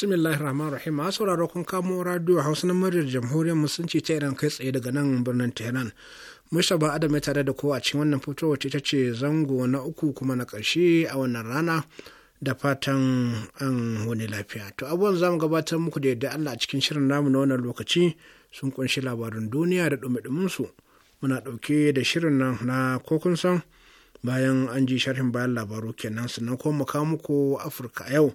bismillahir rahmanir rahim a sauraro kun kamo radio hausa na muryar jamhuriyar musulunci ta iran kai tsaye daga nan birnin tehran musa ba adam ya tare da kowa a cikin wannan fito wacce ta ce zango na uku kuma na karshe a wannan rana da fatan an wani lafiya to abubuwan zamu gabatar muku da yadda allah a cikin shirin namu na wannan lokaci sun kunshi labarin duniya da dumi su muna ɗauke da shirin nan na kokun san bayan an ji sharhin bayan labaru kenan sannan kuma mu kawo muku afirka yau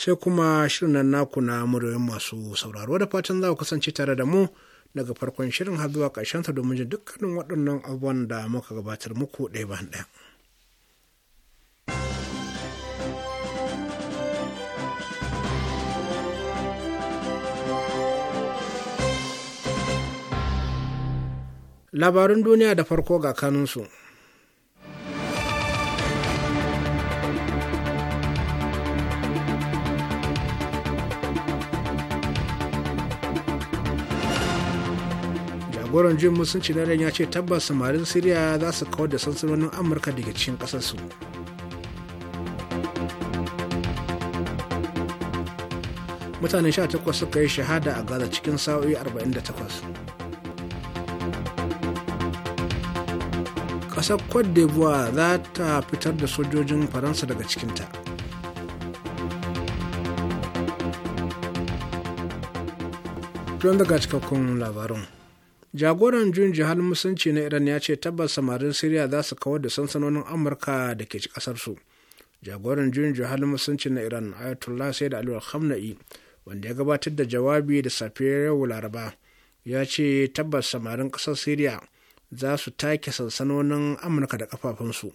sai kuma shirin nan naku na muryoyin masu sauraro da fatan za ku kasance tare da mu daga farkon shirin har zuwa ƙarshen ta domin jin dukkanin waɗannan abubuwan da muka gabatar muku ɗaya bayan ɗaya. Labarin duniya da farko ga kanunsu. jagoran jin musunci na ya ce tabbas samarin siriya za su kawar da sansanonin amurka daga cikin ƙasarsu mutane 18 suka yi shahada a gaza cikin sa'o'i 48 ƙasar cote d'ivoire za ta fitar da sojojin faransa daga cikinta don daga cikakkun labarun. jagoran juyin jihar musulunci na iran ya ce tabbas samarin siriya za su kawar da sansanonin amurka da ke kasar jagoran juyin jihar musulunci na iran ayatollah sayyid ali alhamna'i wanda ya gabatar da jawabi da safiyar yau laraba ya ce tabbas samarin kasar siriya za su take sansanonin amurka da kafafunsu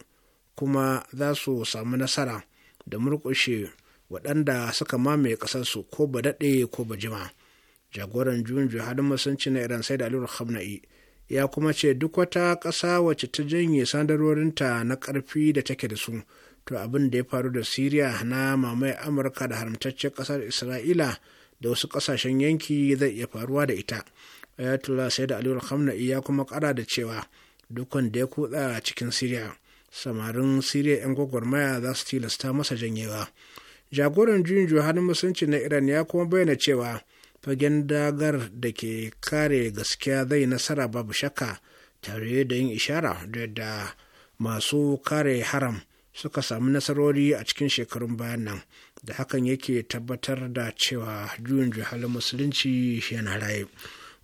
kuma za su samu nasara da murƙushe waɗanda suka mamaye ƙasarsu ko ba daɗe ko ba jima. jagoran juyin halin musulunci na iran sai da aliyu khamna'i ya kuma ce duk wata ƙasa wacce ta janye sandarorinta na karfi da take da su to abin da ya faru da syria na mamaye amurka da haramtaccen ƙasar isra'ila da wasu ƙasashen yanki zai iya faruwa da ita ayatollah sai da aliyu khamna'i ya kuma kara da cewa dukkan da ya kutsa cikin syria samarin syria 'yan gwagwarmaya za su tilasta masa janyewa jagoran juyin halin musulunci na iran ya kuma bayyana cewa fagen dagar da ke kare gaskiya zai nasara babu shakka tare da yin ishara da masu kare haram suka samu nasarori a cikin shekarun bayan nan da hakan yake tabbatar da cewa juyin juhalin musulunci yana raye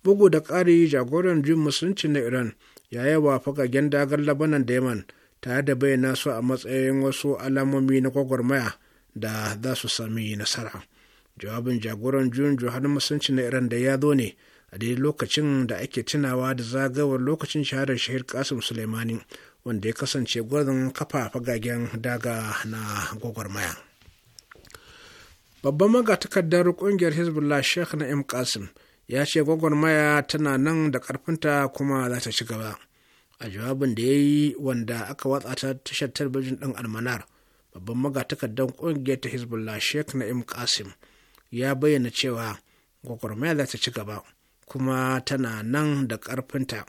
bugu da ƙari jagoran juyin musulunci na iran ya yawa fagagen dagar labanan da yaman tare da bayyana su a matsayin wasu alamomi na gwagwarmaya da za su sami nasara jawabin jagoran juyin juhar musulunci na iran da ya zo ne a daidai lokacin da ake tunawa da zagawar lokacin shahadar shahid kasim suleimani wanda ya kasance gwarzon kafa fagagen daga na gwagwarmaya babban magatakardar ƙungiyar hezbollah sheikh na'im kasim ya ce gwagwarmaya tana nan da karfinta kuma za ta ci gaba a jawabin da ya yi wanda aka watsa ta tashar talabijin ɗin almanar babban magatakardar kungiyar ta hezbollah sheikh na'im kasim ya bayyana cewa gwagwarmaya za ta ci gaba kuma tana nan da ƙarfinta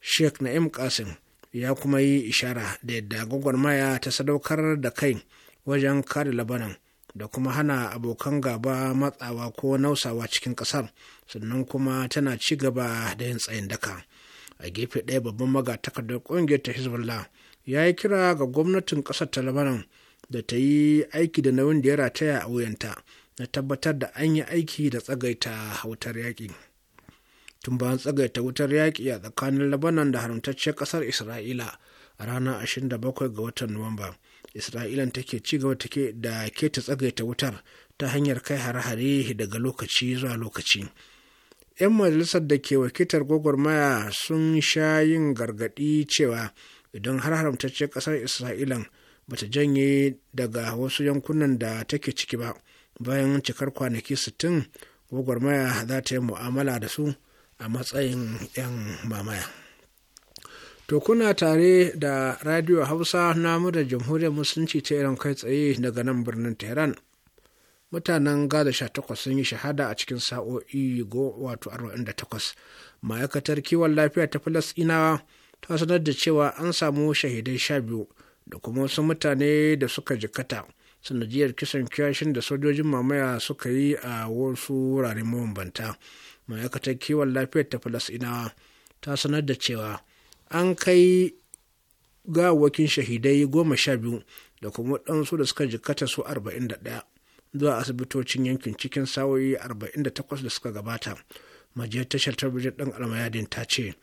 sheikh na'im kasim ya kuma yi ishara da yadda gwagwarmaya ta sadaukar da kai wajen kare labanan da kuma hana abokan gaba matsawa ko nausawa cikin ƙasar sannan kuma tana ci gaba da yin tsayin daka a gefe ɗaya babban magatakardar ƙungiyar ta hezbollah ya yi kira ga gwamnatin ƙasar ta labanan da ta yi aiki da nauyin da ya rataya a wuyanta na tabbatar da an yi aiki da tsagaita wutar yaƙi tun bayan tsagaita wutar yaƙi a tsakanin labanan da haramtacciyar ƙasar isra'ila a ranar 27 ga watan nuwamba isra'ilan take ci gaba take da ta tsagaita wutar ta hanyar kai hare-hare daga lokaci zuwa lokaci 'yan majalisar da ke wakiltar gwagwarmaya sun sha yin gargaɗi cewa idan har haramtacciyar ƙasar isra'ilan Ba ta janye daga wasu yankunan da take ciki ba bayan cikar kwanaki 60 gwagwarmaya za ta yi mu'amala da su a matsayin 'yan mamaya to kuna tare da radio hausa namu da jamhuriyar musulunci ta iran kai tsaye daga nan birnin tehran mutanen gaza 18 sun yi shahada a cikin sa'o'i go wato 48 ma'aikatar kiwon lafiya ta falasɗinawa ta sanar da cewa an samu shahidai sha biyu. da kuma wasu mutane da suka jikata sanadiyar kisan kiyashin da sojojin mamaya suka yi a wasu wuraren mabambanta ma'aikatar kiwon lafiyar ta falasinawa ta sanar da cewa an kai gawakin shahidai goma sha biyu da kuma ɗansu da suka jikata su arba'in da ɗaya zuwa asibitocin yankin cikin sawoyi arba'in da takwas da suka gabata majiyar tashar talabijin ɗan almayadin ta ce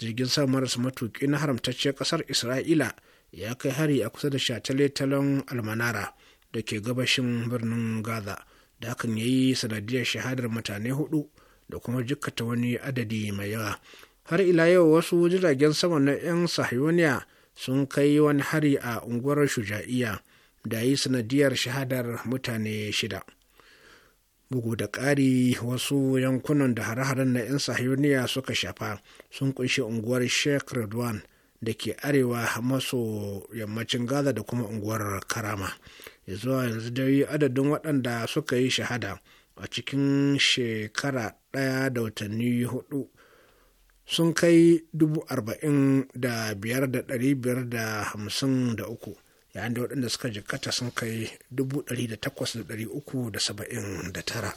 jirgin sa maras matuƙi na haramtacciyar ƙasar isra'ila ya kai hari a kusa da shataletalen almanara da ke gabashin birnin gaza da hakan ya yi sanadiyar shahadar mutane hudu da kuma jikkata wani adadi mai yawa har ila yau wasu jiragen sama na 'yan sahiyoniya sun kai wani hari a unguwar shuja'iya da yi sanadiyar shahadar mutane shida bugu da ƙari wasu yankunan da hare-haren na 'yan sahiyoniya suka shafa sun kunshi unguwar sheikh da ke arewa maso yammacin gaza da kuma unguwar karama ya zuwa yanzu dai adadin waɗanda suka yi shahada a cikin shekara ɗaya da watanni hudu sun kai dubu arba'in uku yayin da waɗanda suka jikata sun kai dubu da takwas da tara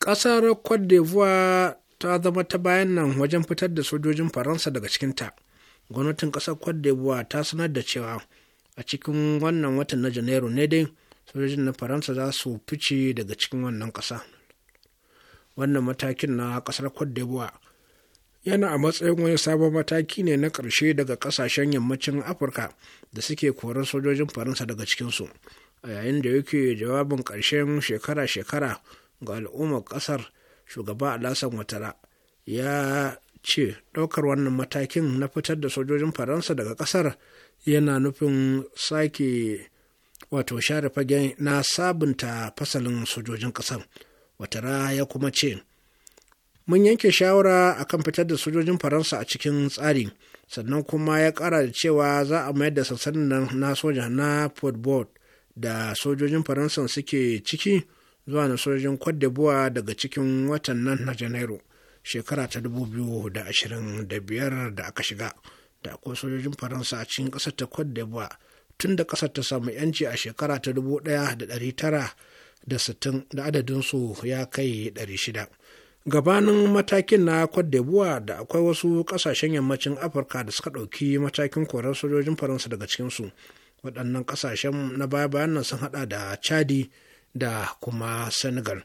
ƙasar cote d'ivoire ta zama ta bayan nan wajen fitar da sojojin faransa daga cikinta gwamnatin ƙasar cote ta sanar da cewa a cikin wannan watan na janairu ne dai sojojin na faransa za su fice daga cikin wannan ƙasa wannan matakin na ƙasar cote yana a matsayin wani sabon mataki ne na ƙarshe daga ƙasashen yammacin afirka da suke korar sojojin faransa daga cikinsu a yayin da yake jawabin ƙarshen shekara-shekara ga al'ummar ƙasar shugaba alasan watara ya ce ɗaukar wannan matakin na fitar da sojojin faransa daga ƙasar yana nufin sake wato share fage na sabunta fasalin sojojin ƙasar watara ya kuma ce mun yanke shawara akan fitar da sojojin faransa a cikin tsari sannan kuma ya ƙara da cewa za a mayar da sassan na soja na football da sojojin faransa suke ciki zuwa na sojojin cote daga cikin watan nan na janairu shekara ta 2025 da da biyar aka shiga da akwai sojojin faransa a cikin ƙasar ta cote d'ivoire tun da ƙasar ta samu yanci a shekara ta 1960 da adadinsu ya kai shida. gabanin matakin na cote d'ivoire da akwai wasu ƙasashen yammacin afirka da suka ɗauki matakin korar sojojin faransa daga cikinsu waɗannan ƙasashen na baya bayan nan sun haɗa da chadi da kuma senegal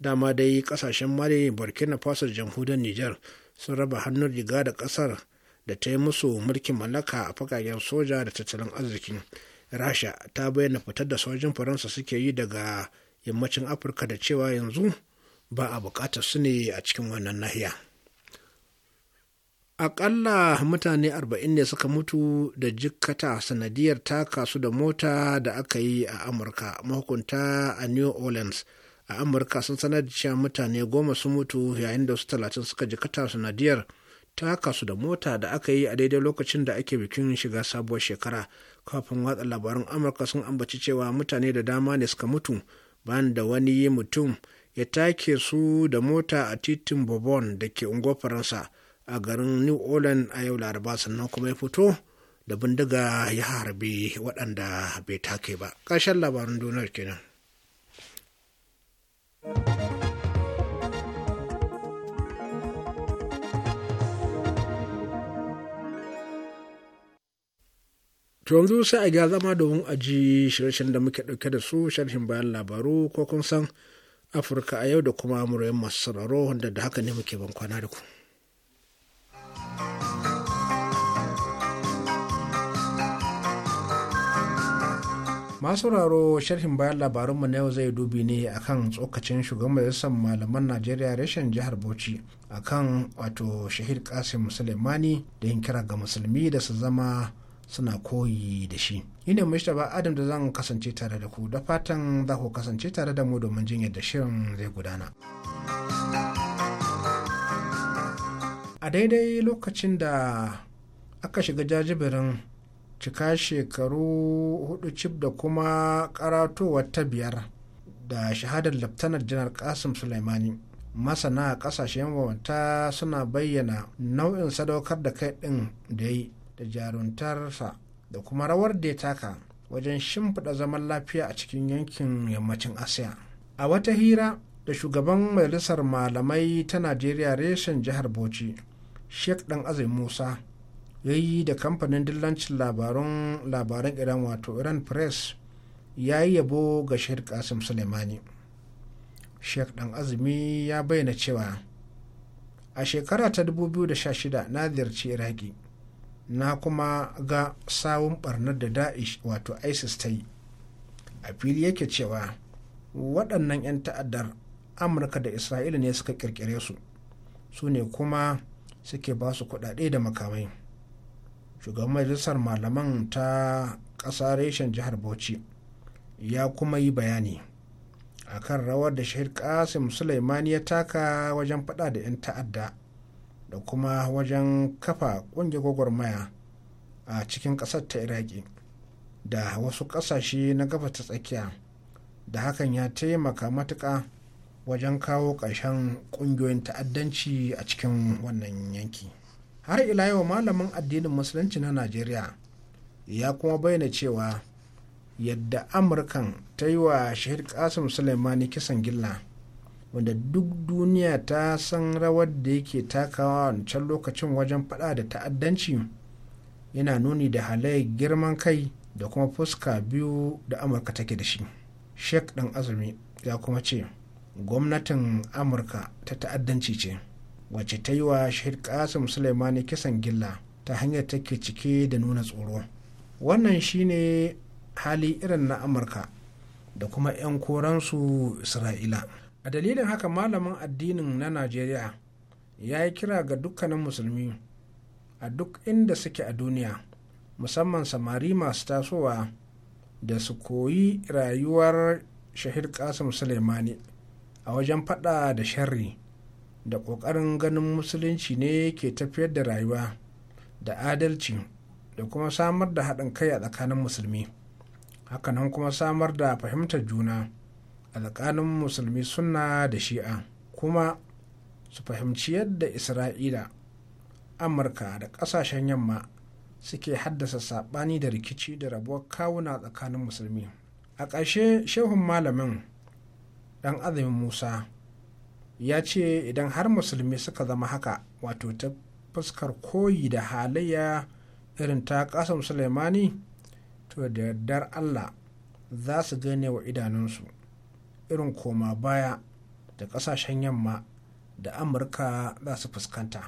dama dai kasashen mali burkina faso jamhuriyar niger sun raba hannun riga da kasar da ta yi musu mulkin mallaka a fagagen soja da tattalin arzikin rasha ta bayyana fitar da sojin faransa suke yi daga yammacin afirka da cewa yanzu ba a bukatar su ne a cikin wannan nahiya akalla mutane arba'in ne suka mutu da jikkata sanadiyar taka su da mota da aka yi a Amurka mahukunta a New Orleans. A Amurka sun sanar da cewa mutane goma sun mutu yayin da su talatin suka jikkata sanadiyar taka su da mota da aka yi a daidai lokacin da ake bikin shiga sabuwar shekara. Kafin watsa labarun Amurka sun ambaci cewa mutane da dama ne suka mutu bayan da wani mutum ya take su da mota a titin Bourbon da ke unguwar Faransa. a garin new orleans a yau laraba sannan kuma ya fito da bindiga ya harbi waɗanda bai take ba ƙarshen labarin duniyar kenan. To yanzu sai a gya zama domin a ji shirye da muke ɗauke da su sharhin bayan labaru ko kun san Afirka a yau da kuma murayen masu sararo wanda da haka ne muke ban kwana da ku. masu sharhin bayan labarunmu na yau zai dubi ne akan tsokacin shugaban majalisar malaman najeriya reshen jihar bauchi akan wato shahid kasim suleimani da yin kira ga musulmi da su zama suna koyi da shi ni ne ba adam da zan kasance tare da ku da fatan za ku kasance tare da mu domin jin da shirin zai gudana a daidai lokacin da aka shiga jajibirin cika shekaru hudu cif da kuma karatowar ta biyar da shahadar laftanar janar kasim sulaimani masana a kasashen mabanta suna bayyana nau'in sadaukar da kai ɗin da yi da jaruntarsa da kuma rawar da ya taka wajen shimfiɗa zaman lafiya a cikin yankin yammacin asiya a wata hira da shugaban majalisar malamai ta najeriya reshen jihar bauchi sheikh dan azai musa ya yi da kamfanin dillancin labarun labaran iran wato iran press ya yi yabo ga sheikh kasim suleimani sheikh dan azumi ya bayyana cewa a shekara ta 2016 na ziyarci iraki na kuma ga sawun barnar da da'ish wato isis ta yi a fili yake cewa waɗannan 'yan ta'addar amurka da isra'ila ne suka kirkire su su ne kuma suke ba su kuɗaɗe da makamai shugaban majalisar malaman ta ƙasa reshen jihar bauchi ya kuma yi bayani a kan rawar da shahid kasim suleimani ya taka wajen fada da 'yan ta'adda da kuma wajen kafa ƙungiyar gwagwarmaya a cikin ƙasar ta iraki da wasu ƙasashe na gaba ta tsakiya da hakan ya taimaka matuƙa wajen kawo ƙarshen ƙungiyoyin ta'addanci a cikin wannan yanki. har ila yau malamin addinin musulunci na najeriya ya kuma bayyana cewa yadda amurkan ta yi wa shahid kasim suleimani kisan gilla wanda duk duniya ta san rawar da yake takawa wancan lokacin wajen fada da ta'addanci yana nuni da halayyar girman kai da kuma fuska biyu da amurka take da shi sheik dan azumi ya kuma ce gwamnatin amurka ta ta'addanci ce wacce ta yi wa shahid kasim suleimani kisan gilla ta hanyar take cike da nuna tsoro wannan shine hali irin na amurka da kuma 'yan koransu isra'ila a dalilin haka malamin addinin na najeriya ya yi kira ga dukkanin musulmi a duk inda suke a duniya musamman samari masu tasowa da su koyi rayuwar shahid kasim suleimani a wajen fada da sharri da ƙoƙarin ganin musulunci ne ke tafiyar da rayuwa da adalci da kuma samar da haɗin kai a tsakanin musulmi hakanan kuma samar da fahimtar juna a tsakanin musulmi sunna da shi'a kuma su fahimci yadda isra'ila amurka da ƙasashen yamma suke haddasa saɓani da rikici da rabuwar kawuna tsakanin musulmi a ƙarshe shehun malamin ɗan azumin musa ya ce idan har musulmi suka zama haka wato ta fuskar koyi da halayya irin ta kasam sulaimani to da yardar allah za su gane wa idanunsu irin koma baya da kasashen yamma da amurka za su fuskanta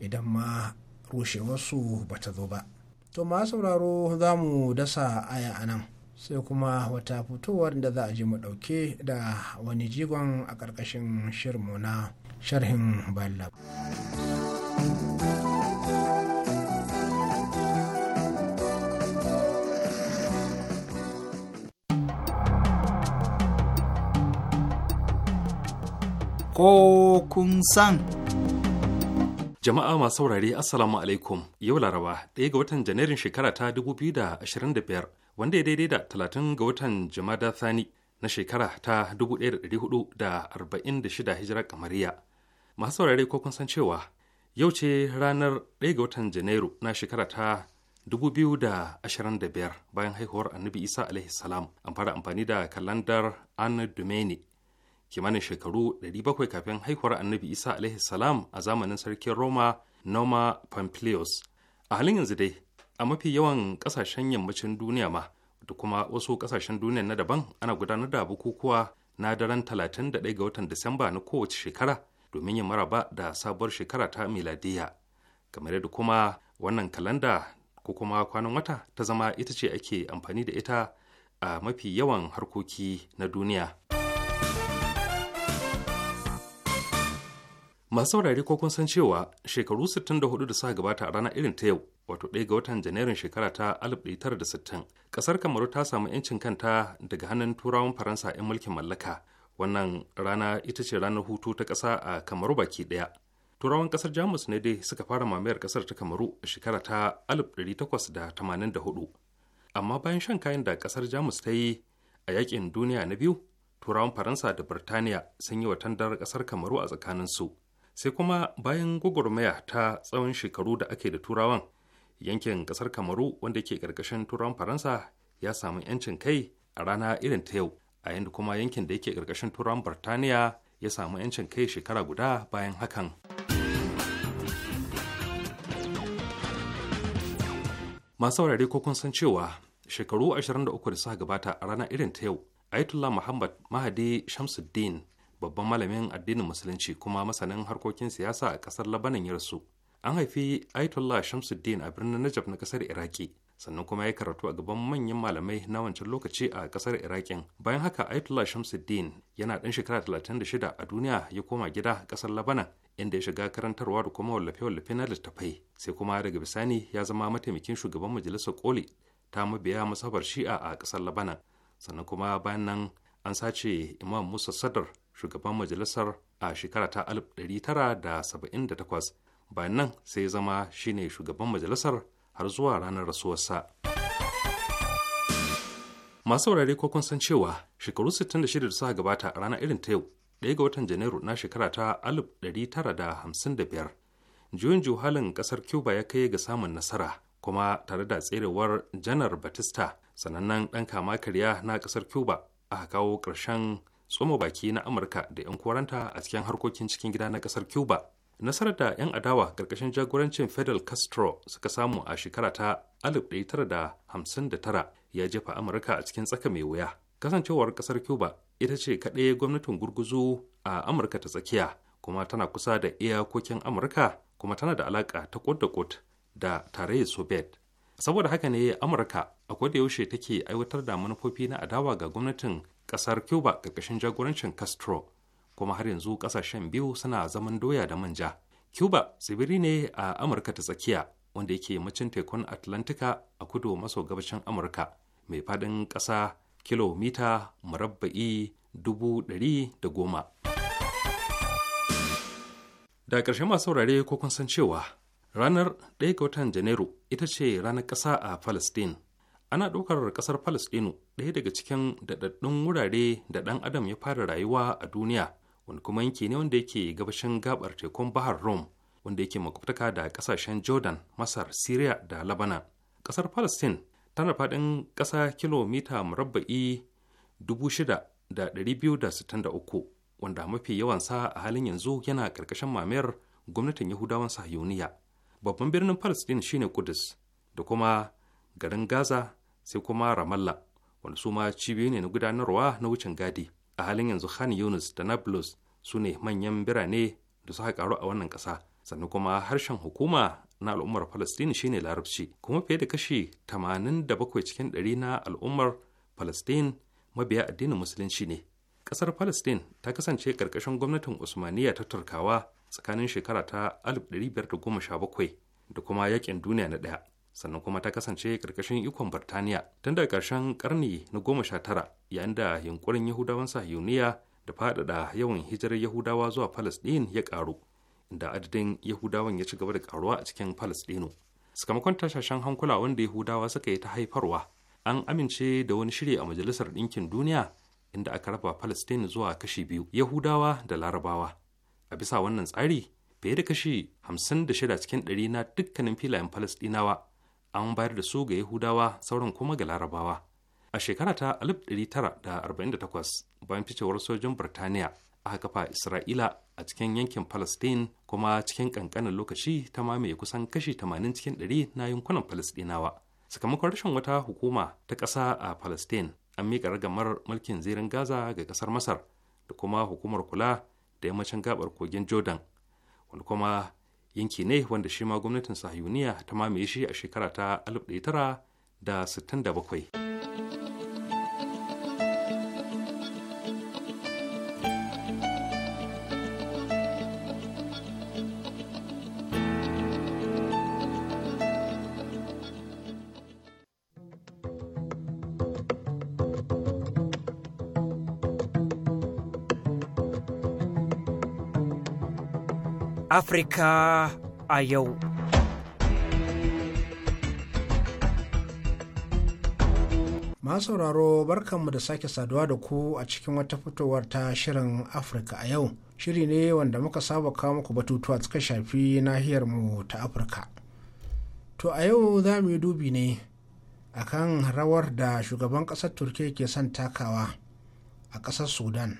idan ma rushewarsu ba ta zo ba to ma sauraro za mu dasa aya a nan sai kuma wata fitowar da za a ji mu dauke da wani jigon a ƙarƙashin shirmu na sharhin ballab ko kun san Jama'a masu saurare Assalamu alaikum yau Laraba ɗaya ga watan Janairun shekara ta 2025 wanda ya daidai da talatin ga watan Jumada Thani na shekara ta 1446 Hijra kamariya. Masu saurare ko kun san cewa yau ce ranar 1 ga watan Janairu na shekara ta 2025 bayan haihuwar annabi Isa alaihi salam an fara amfani da kalandar an Domini kimanin shekaru 700 kafin haihuwar annabi Isa alaihi salam a zamanin sarkin Roma Noma Pompilius. A halin yanzu dai a mafi yawan kasashen yammacin duniya ma da kuma wasu kasashen duniya na daban ana gudanar da bukukuwa na daren 31 ga watan disamba na kowace shekara domin yin maraba da sabuwar shekara ta miladiya kamar yadda kuma wannan kalanda ko kuma kwanan wata ta zama ita ce ake amfani da ita a mafi yawan harkoki na duniya. masu saurari ko kun san cewa shekaru 64 da suka gabata a rana irin ta yau wato ɗaya ga watan janairun shekara ta 1960 ƙasar kamaru ta samu 'yancin kanta daga hannun turawan faransa 'yan mulkin mallaka wannan rana ita ce ranar hutu ta ƙasa a kamaru baki ɗaya turawan ƙasar jamus ne dai suka fara mamayar ƙasar ta kamaru a shekara ta 1884 amma bayan shan kayan da ƙasar jamus ta yi a yaƙin duniya na biyu turawan faransa da birtaniya sun yi wa tandar ƙasar kamaru a tsakaninsu sai kuma bayan gwagwarmaya ta tsawon shekaru da ake da turawan yankin kasar kamaru wanda ke karkashin turawan faransa ya samu yancin kai a rana irin ta yau a yanda kuma yankin da yake karkashin turawan birtaniya ya samu yancin kai shekara guda bayan hakan masu wurare ko kun san cewa shekaru 23 da suka gabata a rana irin ta yau ayatollah muhammad mahadi shamsuddin babban malamin addinin musulunci kuma masanin harkokin siyasa a kasar labanan ya rasu an haifi Aitullah Shamsuddin a birnin Najaf na kasar Iraki sannan kuma ya karatu a gaban manyan malamai na wancan lokaci a kasar Irakin bayan haka Aitullah Shamsuddin yana ɗan shekara 36 a duniya ya koma gida kasar Labanan inda ya shiga karantarwa da kuma wallafe-wallafe na littattafai sai kuma daga bisani ya zama mataimakin shugaban majalisar koli ta mabiya masabar shi'a a kasar Labanan sannan kuma bayan nan an sace Imam Musa Sadar shugaban majalisar a shekara ta 1978 bayan nan sai zama shine shugaban majalisar har zuwa ranar rasuwarsa. Masu saurare ko kun san cewa shekaru 66 da suka gabata a ranar irin ta yau, ɗaya ga watan Janairu na shekara ta 1955, juyin juhalin ƙasar Cuba ya kai ga samun nasara, kuma tare da tserewar Janar Batista, sanannen ɗan kama karya na ƙasar Cuba aka kawo ƙarshen tsoma baki na amurka da 'yan koranta a cikin harkokin cikin gida na kasar cuba nasarar da 'yan adawa ƙarƙashin jagorancin fidel castro suka samu a shekara ta 1959 ya jefa amurka a cikin tsaka mai wuya kasancewar kasar cuba ita ce kaɗai gwamnatin gurguzu a amurka ta tsakiya kuma tana kusa da iyakokin amurka kuma tana da alaƙa ta kot da da tarayyar soviet saboda haka ne amurka a yaushe take aiwatar da manufofi na adawa ga gwamnatin kasar cuba ƙarƙashin jagorancin castro kuma har yanzu ƙasashen biyu suna zaman doya da manja cuba tsibiri ne a amurka ta tsakiya wanda yake macin tekun atlantika a kudu maso gabashin amurka mai faɗin ƙasa kilomita murabba'i dubu ɗari da goma da karshe masu saurare ko kun san cewa ranar 1 ga watan janairu ita ce ranar ƙasa a palestine ana ɗaukar ƙasar palestino ɗaya daga cikin daɗaɗɗun wurare da ɗan adam ya fara rayuwa a duniya wanda kuma yanki ne wanda yake gabashin gabar tekun bahar rome wanda yake makwabtaka da ƙasashen jordan masar syria da labana ƙasar palestine tana faɗin ƙasa kilomita murabba'i 6,263 wanda mafi yawansa a halin yanzu yana ƙarƙashin mamayar gwamnatin yahudawan sahiyoniya babban birnin palestine shine kudus da kuma garin gaza sai kuma ramallah wanda su ma ne na gudanarwa na wucin gadi a halin yanzu khan yunus da nablus su ne manyan birane da suka karu a wannan ƙasa sannan kuma harshen hukuma na al'ummar palestine shine larabci kuma fiye da kashi 87 cikin ɗari na al'ummar palestine mabiya addinin musulunci ne. Ƙasar Falastin ta kasance ƙarƙashin gwamnatin Usmaniyya ta Turkawa tsakanin shekara ta 1517 da kuma yakin duniya na ɗaya sannan kuma ta kasance karkashin ikon Birtaniya tun daga ƙarshen ƙarni na goma sha tara yayin da yunkurin Yahudawan Sahiyuniya da faɗaɗa yawan hijirar Yahudawa zuwa Falasɗin ya ƙaru inda adadin Yahudawan ya ci gaba da ƙaruwa a cikin Falasɗinu. Sakamakon tashashen hankula wanda Yahudawa suka yi ta haifarwa an amince da wani shiri a Majalisar Ɗinkin Duniya inda aka raba palestine zuwa kashi biyu Yahudawa da Larabawa. A bisa wannan tsari fiye da kashi hamsin da shida cikin ɗari na dukkanin filayen Falasɗinawa an bayar da su ga yahudawa sauran kuma ga larabawa a shekara ta 1948 bayan ficewar sojin birtaniya aka kafa isra'ila a cikin yankin palestine kuma cikin kankanin lokaci ta mamaye kusan kashi 80 cikin 100 na yankunan palestinawa sakamakon rashin wata hukuma ta ƙasa a palestine an miƙa ragamar mulkin zirin gaza ga ƙasar masar da kuma hukumar kula da yammacin gabar kogin jordan wani kuma yanki ne wanda shi ma gwamnatin sahiyuniya ta mamaye shi a shekara ta 1967 Afrika a yau. Masu sauraro barkanmu da sake saduwa da ku a cikin wata fitowar ta shirin Afirka a yau. Shiri ne wanda muka saba kawo muku batutuwa suka shafi mu ta Afirka. To a yau za mu yi dubi ne akan rawar da shugaban ƙasar Turkiyya ke son takawa a ƙasar Sudan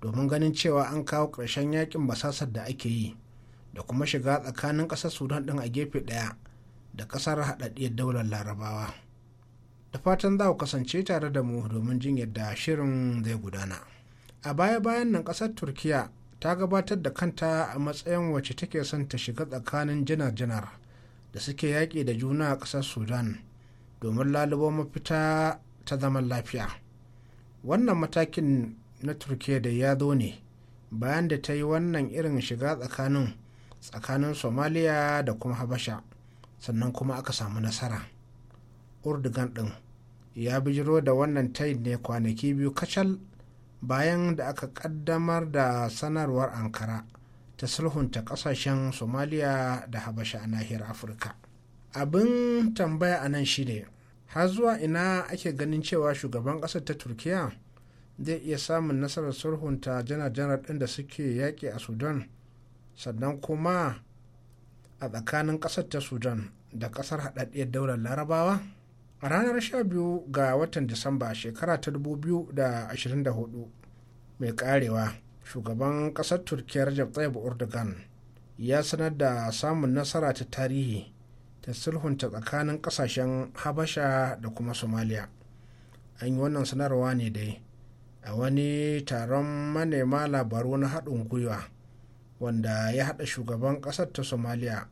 domin ganin cewa an kawo ƙarshen yakin basasar da ake yi. da kuma shiga tsakanin ƙasar sudan ɗin a gefe ɗaya da ƙasar haɗaɗɗiyar daular larabawa da fatan za ku kasance tare da mu domin jin yadda shirin zai gudana a baya-bayan nan ƙasar turkiya ta gabatar da kanta a matsayin wacce take son ta shiga tsakanin jinar-jinar da suke yaƙi da juna a ƙasar sudan domin lalubo mafita ta zaman lafiya wannan matakin na turkiya da ya zo ne bayan da ta yi wannan irin shiga tsakanin tsakanin somaliya da kuma habasha sannan kuma aka samu nasara urdugan ɗin ya bijiro da wannan tayin ne kwanaki biyu kacal bayan da aka kaddamar da sanarwar ankara ta sulhunta kasashen somaliya da habasha a nahiyar afirka abin tambaya a nan shine har zuwa ina ake ganin cewa shugaban kasar ta turkiya zai iya samun nasarar sulhunta janar-janar ɗin da suke yaƙi a sudan sannan kuma a tsakanin ƙasar ta sudan da ƙasar haɗaɗɗiyar daular larabawa a ranar 12 ga watan disamba shekara ta 2024 mai karewa shugaban ƙasar turkiyar rajab tayyip urdugan ya sanar da samun nasara ta tarihi ta sulhunta tsakanin ƙasashen habasha da kuma somaliya an yi wannan sanarwa ne dai a wani taron manema labaru na haɗin gwiwa wanda ya haɗa shugaban ƙasar ta somaliya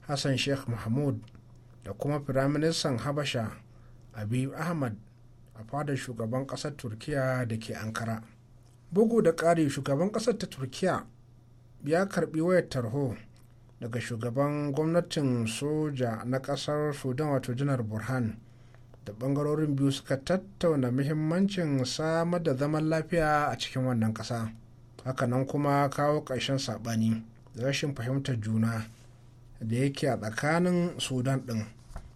hassan sheikh mahmud da kuma firaministan habasha abiy ahmad a fadar shugaban ƙasar turkiya da ke ankara bugu da ƙari shugaban ƙasar ta turkiya ya karbi wayar tarho daga shugaban gwamnatin soja na ƙasar sudan wato janar burhan da ɓangarorin biyu suka tattauna muhimmancin samar da zaman lafiya a cikin wannan ƙasa. hakanan kuma kawo ƙarshen saɓani da rashin fahimtar juna da yake a tsakanin sudan ɗin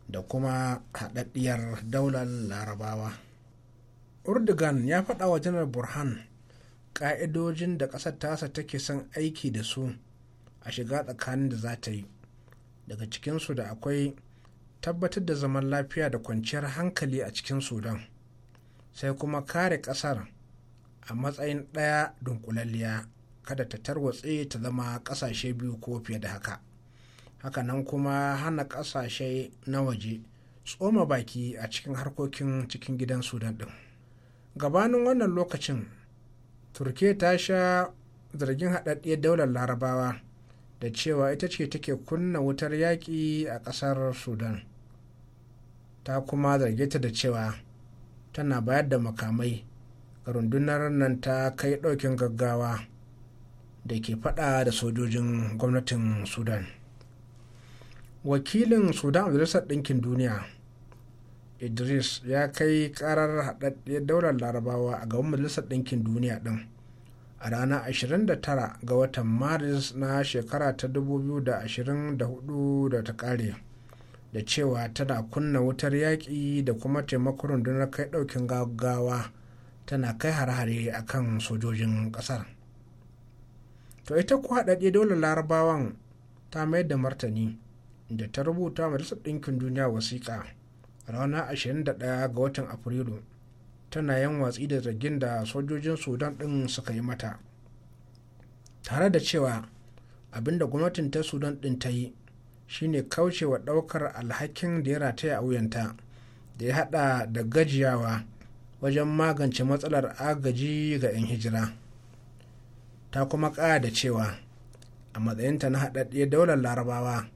da kuma haɗaɗɗiyar daular larabawa urdugan ya faɗa wa janar burhan ƙa'idojin da ƙasar tasa take son aiki da su a shiga tsakanin da za ta yi daga cikinsu da akwai tabbatar da zaman lafiya da kwanciyar hankali a cikin sudan sai kuma kare ƙasar a matsayin ɗaya dunkulalliya kada ta tarwatse ta zama ƙasashe biyu ko fiye da haka hakanan kuma hana ƙasashe na waje tsoma baki a cikin harkokin cikin gidan sudan ɗin gabanin wannan lokacin turke ta sha zargin haɗaɗɗiyar daular larabawa da cewa ita ce take kunna wutar yaƙi a ƙasar sudan ta kuma zarge ta da cewa tana bayar da makamai rundunar nan ta kai ɗaukin gaggawa da ke faɗa da sojojin gwamnatin sudan wakilin sudan majalisar ɗinkin duniya idris ya kai karar haɗaɗɗiyar daular larabawa a gaban majalisar ɗinkin duniya ɗin a ranar 29 ga watan maris na shekara ta 2024 da ta ƙare da cewa tana kunna wutar yaƙi da kuma taimakon rundunar kai ɗaukin gaggawa tana kai hare-hare a kan sojojin ƙasar to ita ku haɗaɗe dole larabawan ta mayar da martani da ta rubuta majalisar ɗinkin duniya wasiƙa ranar 21 ga watan afrilu tana yan watsi da zargin da sojojin sudan ɗin suka yi mata tare da cewa abinda gwamnatin ta sudan ɗin ta yi shine kaucewa ɗaukar alhakin da ya rataya a wuyanta da ya haɗa da gajiyawa wajen magance matsalar agaji ga 'yan hijira ta kuma ƙara da cewa a matsayinta na haɗaɗɗiyar daular larabawa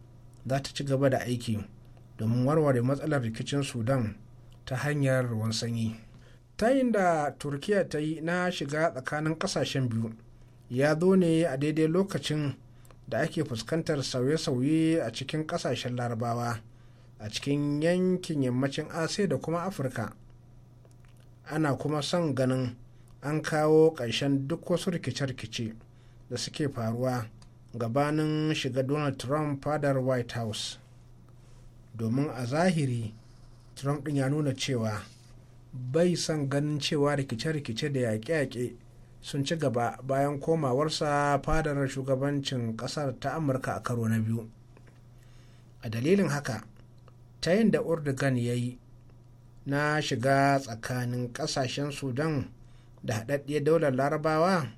za ta ci gaba da aiki domin warware matsalar rikicin sudan ta hanyar ruwan sanyi tayin da turkiya ta yi na shiga tsakanin ƙasashen biyu ya zo ne a daidai lokacin da ake fuskantar sauye-sauye a cikin ƙasashen larabawa a cikin yankin yammacin asiya da kuma afirka ana kuma son ganin an kawo ƙarshen duk wasu rikice-rikice da suke faruwa gabanin shiga donald trump fadar white house domin a zahiri trump ɗin ya nuna cewa bai son ganin cewa rikice-rikice da yaƙe-yaƙe sun ci gaba bayan komawarsa fadar shugabancin ƙasar ta amurka a karo na biyu a dalilin haka ta yin da urdugan ya yi na shiga tsakanin ƙasashen sudan da haɗaɗɗiyar daular larabawa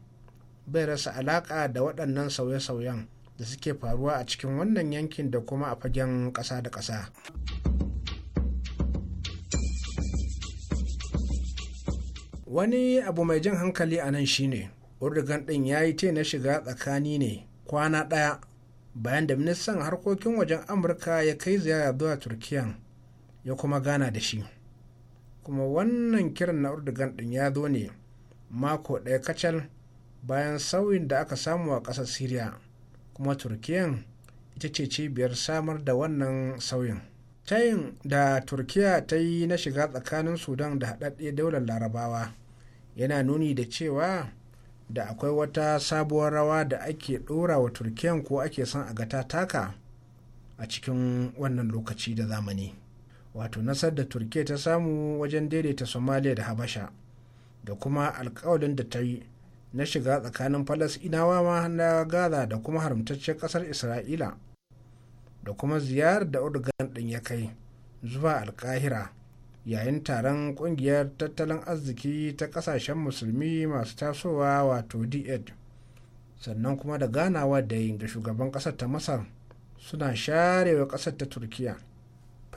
bai rasa alaƙa da waɗannan sauye-sauyen da suke faruwa a cikin wannan yankin da kuma a fagen ƙasa da ƙasa. wani abu mai jan hankali a nan shine urdugan ɗin ya yi te na shiga tsakani ne kwana ɗaya bayan da ministan harkokin wajen amurka ya kai ziyara zuwa turkiyan ya kuma gana da shi kuma wannan kiran na urdugan din ya zo ne mako ɗaya kacal bayan sauyin da aka samu a ƙasar syria kuma turkiyan ita ce cibiyar samar da wannan sauyin tayin da turkiya ta yi na shiga tsakanin sudan da haɗaɗɗe daular larabawa yana nuni da cewa da akwai wata sabuwar rawa da ake ɗora wa turkiyan ko ake son a ga taka a cikin wannan lokaci da zamani. wato nasar da turkiyya ta samu wajen daidaita somaliya da habasha da kuma alkawalin da ta yi na shiga tsakanin falasinawa ma na gaza da kuma haramtaccen kasar isra'ila da kuma ziyarar da urgan din ya kai zuwa alkahira yayin taron kungiyar tattalin arziki ta kasashen musulmi masu tasowa wato d sannan kuma da ganawa da da shugaban kasar ta masar suna sharewa kasar ta turkiyya.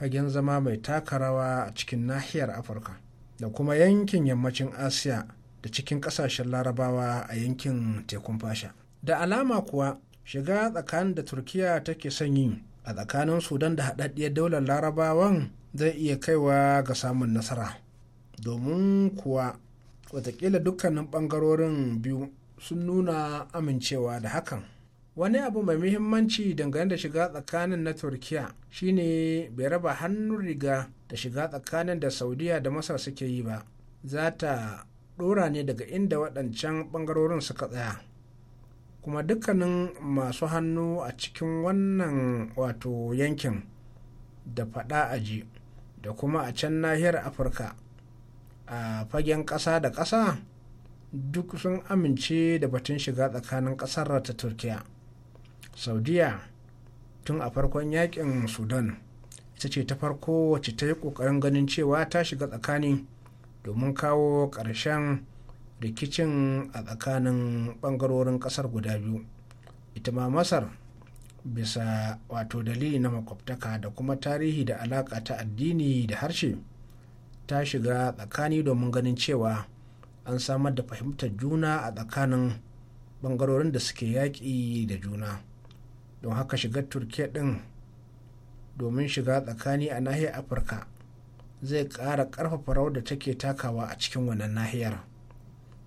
fagen zama mai taka rawa a cikin nahiyar afirka da kuma yankin yammacin asiya da cikin kasashen larabawa a yankin tekun fasha da alama kuwa shiga tsakanin da turkiya take son yi a tsakanin sudan da haɗaɗɗiyar daular larabawan zai iya kaiwa ga samun nasara domin kuwa watakila dukkanin ɓangarorin biyu sun nuna amincewa da hakan wani abu mai muhimmanci dangane da shiga tsakanin na turkiya shine bai raba hannun riga da shiga tsakanin da saudiya da masar suke yi ba za ta dora ne daga inda waɗancan ɓangarorin suka tsaya kuma dukkanin masu hannu a cikin wannan wato yankin da faɗa ji, da kuma a can nahiyar afirka a fagen ƙasa da ƙasa duk sun amince da batun shiga tsakanin ƙasar ta turkiya saudiya tun a farkon yakin sudan ita ce ta farko wacce ta yi kokarin ganin cewa ta shiga tsakani domin kawo ƙarshen rikicin a tsakanin ɓangarorin ƙasar guda biyu ita ma masar bisa wato dalili na makwabtaka da kuma tarihi da alaƙa ta addini da harshe ta shiga tsakani domin ganin cewa an samar da fahimtar juna a tsakanin ɓangarorin da suke yaƙi da juna. don haka shiga turkiya din domin shiga tsakani a nahiyar afirka zai ƙara ƙarfafa rawar da take takawa a cikin wannan nahiyar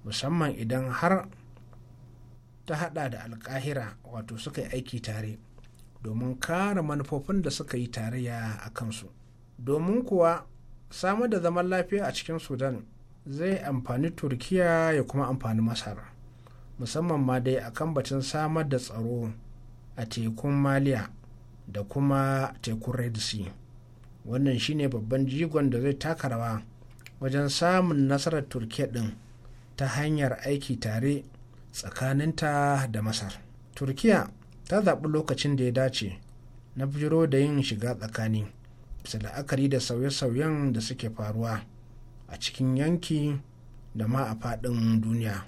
musamman idan har ta hada da alkahira wato suka yi aiki tare domin kara manufofin da suka yi tarayya a kansu domin kuwa samar da zaman lafiya a cikin sudan zai amfani turkiya ya kuma amfani masar musamman ma dai akan batun samar da tsaro a tekun maliya da kuma tekun red sea wannan shine babban jigon da zai taka rawa wajen samun nasarar turkiya din ta hanyar aiki tare tsakaninta da masar turkiya ta zaɓi lokacin da ya dace na biro da yin shiga tsakani bisa la'akari da sauye-sauyen da suke faruwa a cikin yanki da ma a faɗin duniya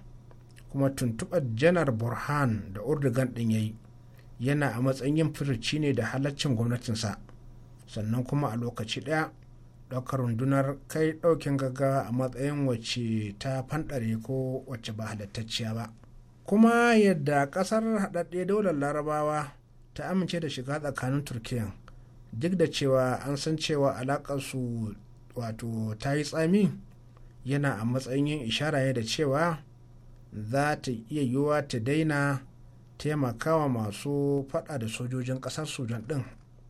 kuma tuntuɓar janar burhan da urdugan ɗin ya yi yana a matsayin yin furuci ne da halaccin gwamnatinsa sannan kuma a lokaci ɗaya ɗaukar rundunar kai ɗaukin gaggawa a matsayin wacce ta fanɗare ko wacce ba halittacciya ba kuma yadda ƙasar haɗaɗɗe daular larabawa ta amince da shiga tsakanin turkiya duk da cewa an san cewa su wato ta yi tsami yana a matsayin yin ishara da cewa za ta iya yiwuwa ta daina taimakawa masu fada da sojojin kasar sudan din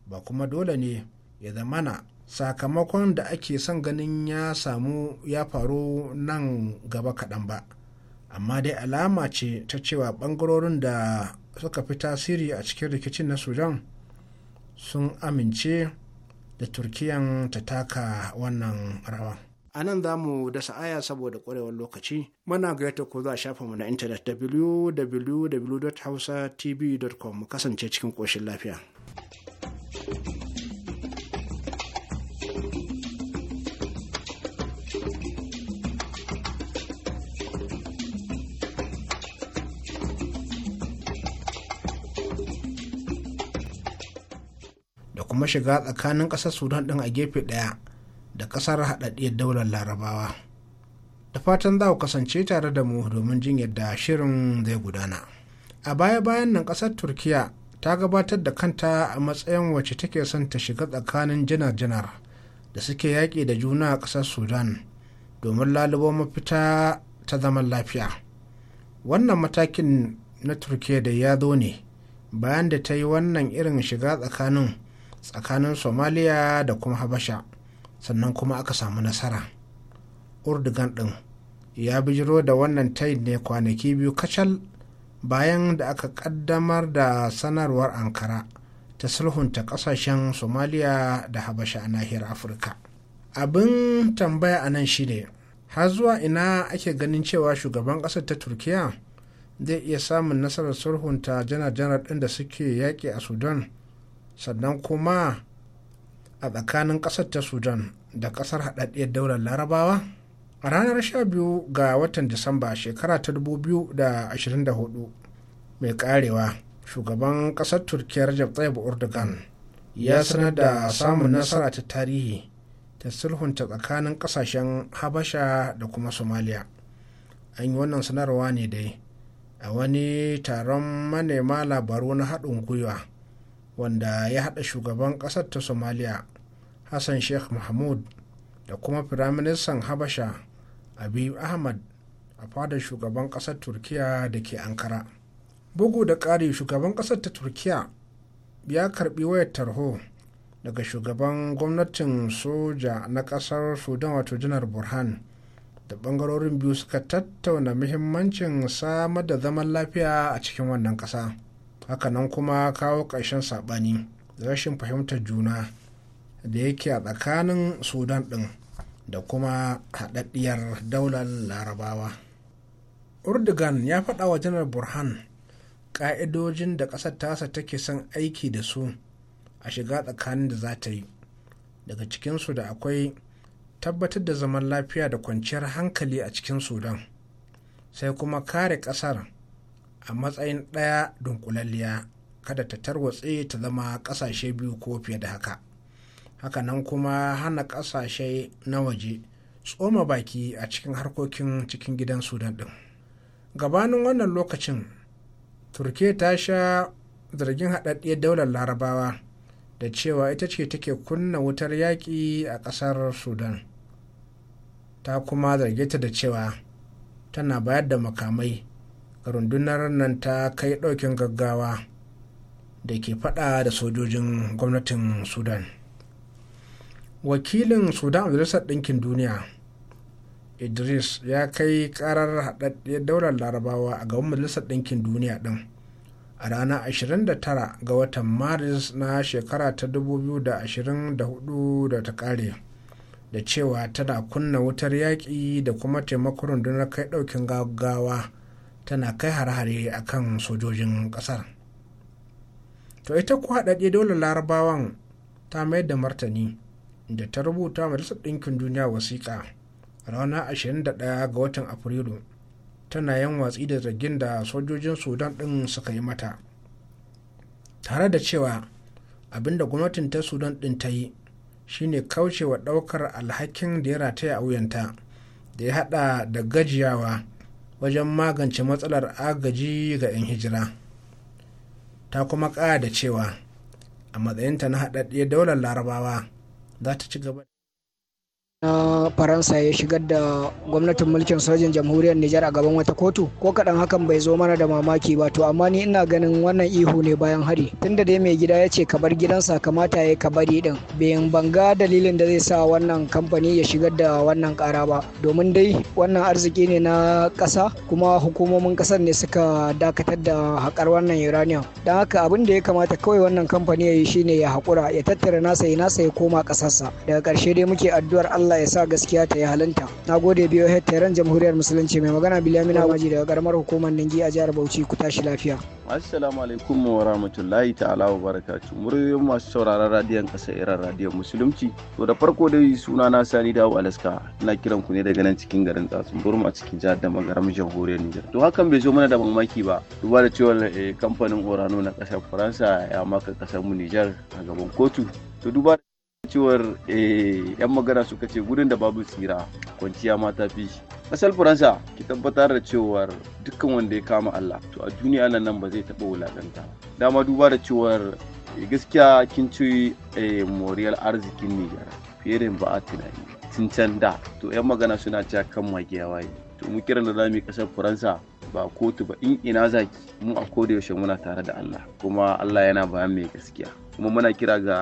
ba kuma dole ne ya zamana sakamakon da ake son ganin ya samu ya faru nan gaba kaɗan ba amma dai alama ce ta cewa ɓangarorin da suka fi tasiri a cikin rikicin na sudan sun amince da turkiyan ta taka wannan rawan A nan za mu dasa aya saboda ƙwarewar lokaci. Muna gayyata ko za a shafa mu na intanet www.hausatv.com mu kasance cikin ƙoshin lafiya. Da kuma shiga tsakanin ƙasar Sudan ɗin a gefe ɗaya. da ƙasar haɗaɗɗiyar daular larabawa da fatan za ku kasance tare da mu domin jin yadda shirin zai gudana a baya-bayan nan ƙasar turkiya ta gabatar da kanta a matsayin wacce take son ta shiga tsakanin janar-janar da suke yaƙi da juna a ƙasar sudan domin lalubo mafita ta zaman lafiya wannan matakin na turkiya da ya zo ne bayan da ta yi wannan irin shiga tsakanin tsakanin somaliya da kuma habasha sannan kuma aka samu nasara urdugan ɗin ya bijiro da wannan tayin ne kwanaki biyu kacal bayan da aka ƙaddamar da sanarwar ankara ta sulhunta ƙasashen somaliya da habasha a nahiyar afirka abin tambaya a nan shine har zuwa ina ake ganin cewa shugaban ƙasar ta turkiya zai iya samun nasarar sulhunta janar-janar ɗin da suke yaƙi a sudan sannan kuma a tsakanin ƙasar ta sudan da ƙasar haɗaɗɗiyar daular larabawa a ranar 12 ga watan disamba shekara ta 2024 mai karewa shugaban ƙasar turkiyar rajab tsayib Urdugan ya sanar da samun nasara ta tarihi ta sulhunta tsakanin ƙasashen habasha da kuma somaliya an yi wannan sanarwa ne dai a wani taron manema labaru na haɗin gwiwa wanda ya haɗa shugaban ƙasar ta somaliya hassan sheikh mahmud da kuma firaministan habasha abiy ahmad a fadar shugaban ƙasar turkiya da ke ankara bugu da ƙari shugaban ƙasar ta turkiya ya karbi wayar tarho daga shugaban gwamnatin soja na ƙasar sudan wato janar burhan da ɓangarorin biyu suka tattauna muhimmancin samar da zaman lafiya a cikin wannan ƙasa. hakanan kuma kawo ƙarshen saɓani da rashin fahimtar juna da yake a tsakanin sudan ɗin da kuma haɗaɗɗiyar daular larabawa urdugan ya faɗa wa janar burhan ƙa'idojin da ƙasar tasa take son aiki da su a shiga tsakanin da za ta yi daga cikinsu da akwai tabbatar da zaman lafiya da kwanciyar hankali a cikin sudan sai kuma kare ƙasar a matsayin ɗaya dunkulalliya kada ta tarwatse ta zama ƙasashe biyu ko fiye da haka hakanan kuma hana ƙasashe na waje tsoma baki a cikin harkokin cikin gidan sudan ɗin gabanin wannan lokacin turke ta sha zargin haɗaɗɗiyar daular larabawa da cewa ita ce take kunna wutar yaƙi a ƙasar sudan ta kuma zarge ta da cewa tana bayar da makamai rundunar nan ta kai ɗaukin gaggawa da ke faɗa da sojojin gwamnatin sudan wakilin sudan majalisar ɗinkin duniya idris ya kai karar haɗaɗɗiyar daular larabawa a gaban majalisar ɗinkin duniya ɗin a ranar 29 ga watan maris na shekara ta 2024 da ta ƙare da cewa tana kunna wutar yaƙi da kuma taimakon rundunar kai ɗaukin gaggawa tana kai hare-hare a kan sojojin ƙasar to ita ku haɗaɗe dole larabawan ta mayar da martani da ta rubuta majalisar ɗinkin duniya wasiƙa ranar 21 ga watan afrilu tana yin watsi da zargin da sojojin sudan ɗin suka yi mata tare da cewa abinda gwamnatin ta sudan ɗin ta yi shine kaucewa ɗaukar alhakin da ya rataya a wuyanta da ya haɗa da gajiyawa wajen magance matsalar agaji ga 'yan hijira ta kuma ƙara da cewa a matsayinta na haɗaɗɗiyar daular larabawa za ta ci gaba na faransa ya shigar da gwamnatin mulkin sojin jamhuriyar nijar a gaban wata kotu ko kaɗan hakan bai zo mana da mamaki ba to amma ni ina ganin wannan ihu ne bayan hari tunda dai mai gida ya ce ka bar gidansa kamata ya ka bari din bayan banga dalilin da zai sa wannan kamfani ya shigar da wannan ƙara ba domin dai wannan arziki ne na ƙasa kuma hukumomin ƙasar ne suka dakatar da haƙar wannan uranium don haka abin da ya kamata kawai wannan kamfani ya yi shine ya haƙura ya tattara nasa ya nasa ya koma ƙasarsa daga ƙarshe dai muke addu'ar Allah Allah ya sa gaskiya ta yi halanta na gode biyo head taron jamhuriyar musulunci mai magana bilamina maji daga karamar hukumar ningi a jihar bauchi ku tashi lafiya assalamu alaikum wa rahmatullahi ta'ala wa barakatu muryoyin masu sauraron radiyon kasa iran radiyon musulunci to da farko dai suna na sani dawo alaska ina kiran ku ne daga nan cikin garin tsatsun burma a cikin jihar da magaram jamhuriyar nijar to hakan bai zo mana da mamaki ba duba da cewa eh, kamfanin orano na kasar faransa ya maka kasar mu nijar a gaban kotu to duba cewar eh, yan magana suka ce gudun da babu tsira kwanciya ma ta fi shi kasar faransa ki tabbatar da cewar dukkan wanda ya kama allah to a duniya nan nan ba zai taɓa wulaƙanta dama duba da cewar eh, gaskiya kin ci eh, moriyar arzikin nijar fiye da ba a tunani tun can da to yan magana suna cewa kan magiya waye to mu kiran da zamu kasar faransa ba kotu ba in ina zaki mu a koda muna tare da allah kuma allah yana bayan mai gaskiya kuma muna kira ga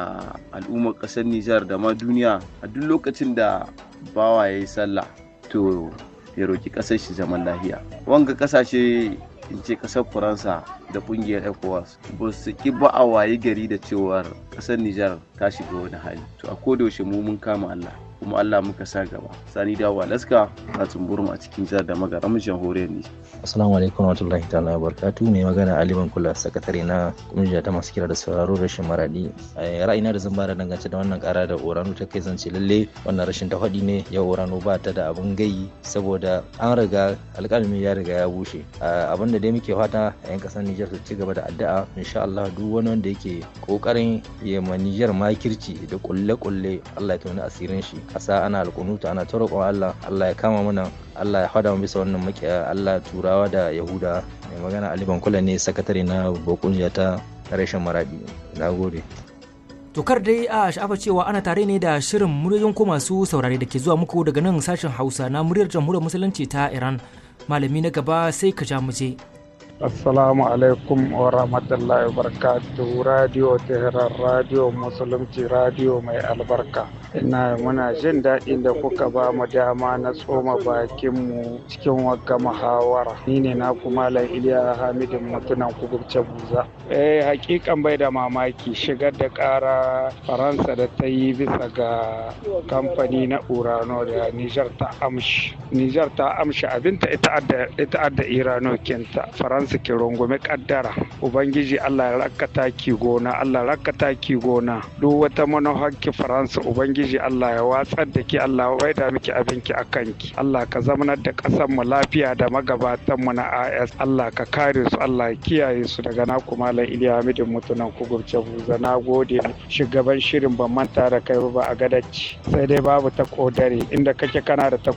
al'ummar ƙasar nijar da ma duniya a duk lokacin da bawa ya yi sallah to ya roki ƙasar shi zaman lafiya wanga ƙasashe in ce ƙasar faransa da ƙungiyar ecowas ba su ki ba a waye gari da cewar ƙasar nijar ta shiga wani hali to a kodayaushe mu mun kama allah kuma Allah muka sa gaba sani da walaska a tsumburum a cikin jihar da magaram jamhuriyar ne assalamu alaikum rahmatullahi ta'ala barkatu mai magana ali ban kula sakatare na kungiya ta masu kira da sauraro rashin maradi eh, ra'ayina da zan bada dangance da wannan kara da orano ta kai zance lalle wannan rashin ta faɗi ne ya orano ba ta da abun gayi saboda an riga alƙalmi ya riga ya bushe abin da dai muke fata a yan ƙasar Nijar su ci gaba da addu'a insha Allah duk wani wanda yake kokarin ya ma Nijar makirci da kulle-kulle Allah ya tauna asirin shi ƙasa ana alƙunuta ana ta roƙon Allah Allah ya kama mana Allah ya hada mu bisa wannan makiya Allah turawa da Yahuda mai magana Ali Bankula ne sakatare na babbar ta reshen Maradi na gode Tokar dai a sha'afa cewa ana tare ne da shirin muryoyin ko masu saurare da ke zuwa muku daga nan sashen Hausa na muryar jamhuriyar musulunci ta Iran malami na gaba sai ka ja mu je. Assalamu alaikum wa rahmatullahi barakatuhu Radio Tehran Radio Musulunci Radio Mai Albarka. Ina muna jin daɗin da kuka ba mu dama na tsoma bakin mu cikin wagga mahawara. Ni ne na kuma lan Iliya Hamidin mutunan kugurce buza. Eh hakikan bai da mamaki shigar da ƙara Faransa da ta yi bisa ga kamfani na Urano da Nijar ta amshi. Nijar ta amshi abinta ita adda Irano kinta. Faransa kansu ke rungume kaddara ubangiji Allah rakata ki gona Allah rakata ki gona duk wata manohar ki faransa ubangiji Allah ya watsar da ki Allah ya da miki abin a akan ki Allah ka zamanar da kasar mu lafiya da magabatan mu na AS Allah ka kare su Allah ya kiyaye su daga naku malam Iliya Hamidin mutunan kugurce buza na gode shugaban shirin ban manta da kai ba a gadaci sai dai babu ta kodare inda kake kana da ta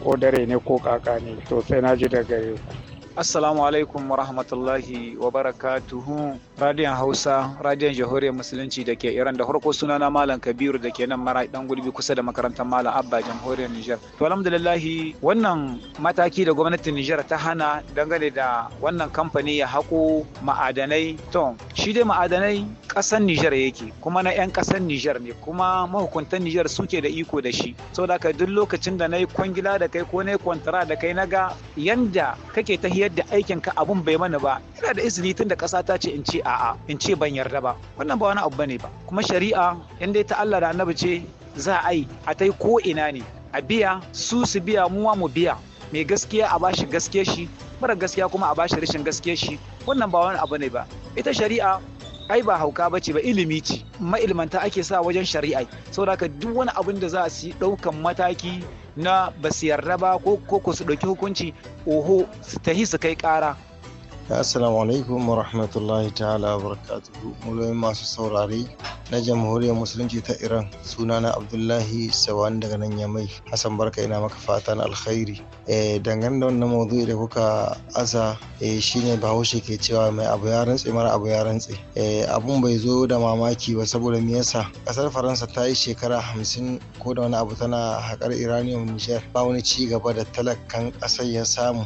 ne ko kaka ne to sai na ji daga gare ku assalamu alaikum wa rahmatullahi wa barakatuhu radiyon hausa radiyon jamhuriyar musulunci da ke iran da suna sunana malam kabiru da ke nan mara dan gurbi kusa da makarantar malam abba jamhuriyar niger to alhamdulillahi wannan mataki da gwamnatin niger ta hana dangane da wannan kamfani ya haƙo ma'adanai to shi dai ma'adanai ƙasar niger yake kuma na 'yan ƙasar niger ne kuma mahukuntan niger suke da iko da shi saboda ka duk lokacin da na yi kwangila da kai ko na yi kwantara da kai na ga yanda kake hiyar da aikinka abun bai mana ba yana da izini tun da ƙasa ta ce in ce a'a in ce ban yarda ba wannan ba wani abu bane ba kuma shari'a in dai ta Allah da annabi ce za a yi a tai ko ina ne a biya su su biya mu mu biya mai gaskiya a bashi gaskiya shi mara gaskiya kuma a bashi rashin gaskiya shi wannan ba wani abu ne ba ita shari'a ai ba hauka ba ce ba ilimi ce ma'ilmanta ake sa wajen shari'a saboda haka duk wani abin da za su ɗaukan mataki na basu yarda ba ko ko su ɗauki hukunci oho su tahi su kai ƙara assalamu alaikum wa rahmatullahi ta'ala wa barakatuhu masu saurare na jamhuriyar musulunci ta iran sunana abdullahi sawan daga nan yamai hassan barka ina maka fatan alkhairi eh, dangane da wannan maudu'i da kuka aza eh, shine bahaushe ke cewa mai abu ya rantse mara abu ya rantse eh, abun bai zo da mamaki ba saboda me yasa kasar faransa ta yi shekara hamsin ko da wani abu tana haƙar iranium niger ba wani ci gaba da talakan ƙasar ya samu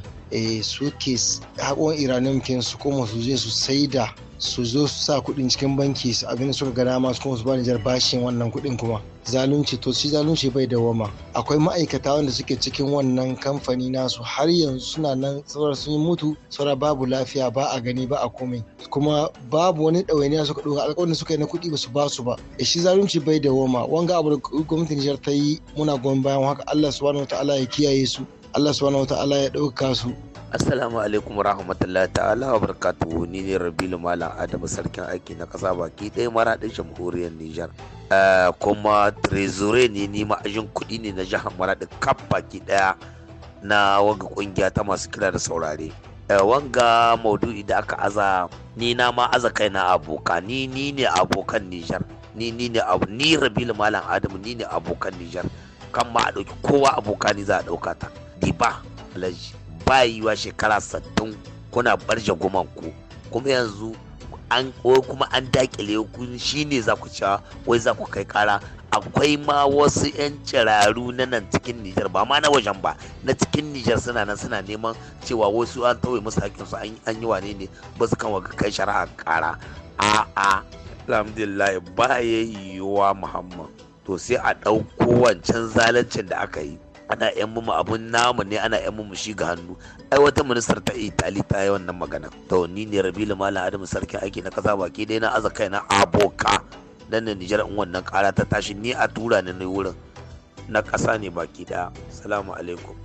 suke haƙon iranium yankin su koma su je su saida su zo su sa kuɗin cikin banki su abin suka ga dama su kuma su bani jar bashin wannan kuɗin kuma zalunci to shi zalunci bai da wama akwai ma'aikata wanda suke cikin wannan kamfani nasu har yanzu suna nan sauran sun yi mutu saura babu lafiya ba a gani ba a komai kuma babu wani ɗawainiya suka dora alƙawarin suka yi na kuɗi ba su ba su ba e shi zalunci bai da wama wanga abu da gwamnatin Nijar ta yi muna goyon bayan haka Allah subhanahu wa ta'ala ya kiyaye su Allah subhanahu ta'ala ya ɗauka su Assalamu alaikum rahmatullahi ta'ala wa barakatuhu ni ne Rabilu Malam Adamu sarkin aiki na ƙasa baki ɗaya maraɗin jamhuriyar Nijar. Eh, kuma trezore ne ni ma'ajin kuɗi ne na jihar maraɗin kaf baki ɗaya na wanga ƙungiya ta masu kira da saurare. Eh, wanga maudu'i da aka aza ni na ma aza kaina aboka ni ni ne abokan Nijar ni ni ne abu ni Rabilu Malam Adamu ni ne abokan Nijar kan ma a ɗauki kowa aboka ni za a ɗauka ta. ba alhaji ba yiwa shekara sattin kuna barje ku kuma yanzu an kuma an dakile ku shine za ku cewa wai za ku kai kara akwai ma wasu 'yan ciraru na nan cikin Nijar ba ma na wajen ba na cikin Nijar suna nan suna neman cewa wasu an tauye musu hakinsu an yi wane ne ba su kan kai shari'a kara a'a alhamdulillah ba ya yiwuwa muhammad to sai a ɗauko wancan zalancin da aka yi ana yan mu abun namu ne ana yan mu shi ga hannu ai wata ministar ta itali ta yi wannan magana to ni ne rabilu mala adamu sarki aiki na kasa baki dai na aza na aboka dan ne nijar in wannan kara ta tashi ni a tura ne wurin na kasa ne baki daya salamu alaikum